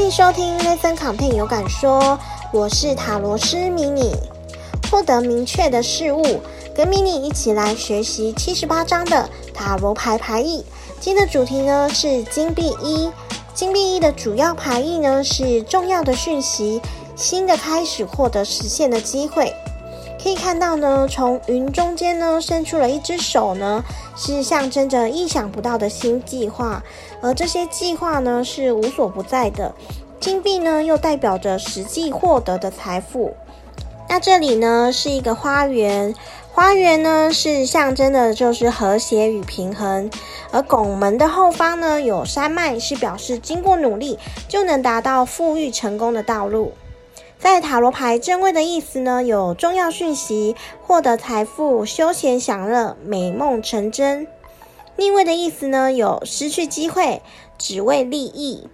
歡迎收聽《ListenContent 有感說》，我是塔羅師 mini，獲得明確的事物，跟 mini 一起來學習七十八張的塔羅牌牌意。今天的主題呢是金幣一，金幣一的主要牌意呢是重要的訊息、新的開始、獲得實現的機會。可以看到呢，從雲中間呢伸出了一隻手呢，是象徵着意想不到的新計劃，而這些計劃呢是無所不在的。金幣呢又代表着實際獲得的財富。那這裡呢是一個花園，花園呢是象徵的，就是和諧與平衡。而拱門的後方呢有山脈，是表示經過努力就能達到富裕成功的道路。在塔羅牌正位的意思呢，有重要訊息，獲得財富、休閒享樂、美夢成真。逆位的意思呢，有失去機會，只為利益。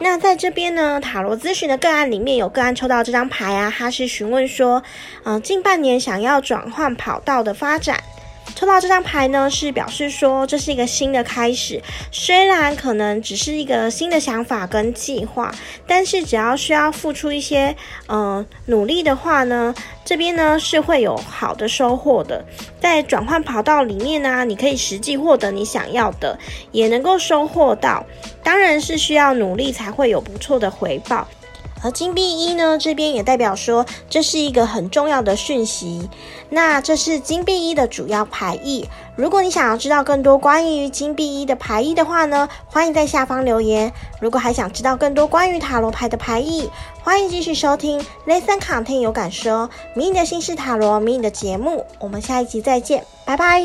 那在這邊呢，塔羅諮詢的個案裡面，有個案抽到這張牌啊，他是詢問說，嗯、呃，近半年想要轉換跑道的發展。抽到這張牌呢，是表示說這是一個新的開始，雖然可能只是一個新的想法跟計劃，但是只要需要付出一些，呃，努力的話呢，這邊呢是會有好的收穫的。在轉換跑道裡面呢，啊，你可以實際獲得你想要的，也能夠收穫到，當然是需要努力才會有不錯的回報。而金幣一呢，這邊也代表說這是一個很重要的訊息。那這是金幣一的主要牌意。如果你想要知道更多關於金幣一的牌意的話呢，歡迎在下方留言。如果還想知道更多關於塔羅牌的牌意，歡迎繼續收聽雷森卡 t 有感說迷你的心事塔羅迷你的節目。我們下一集再見，拜拜。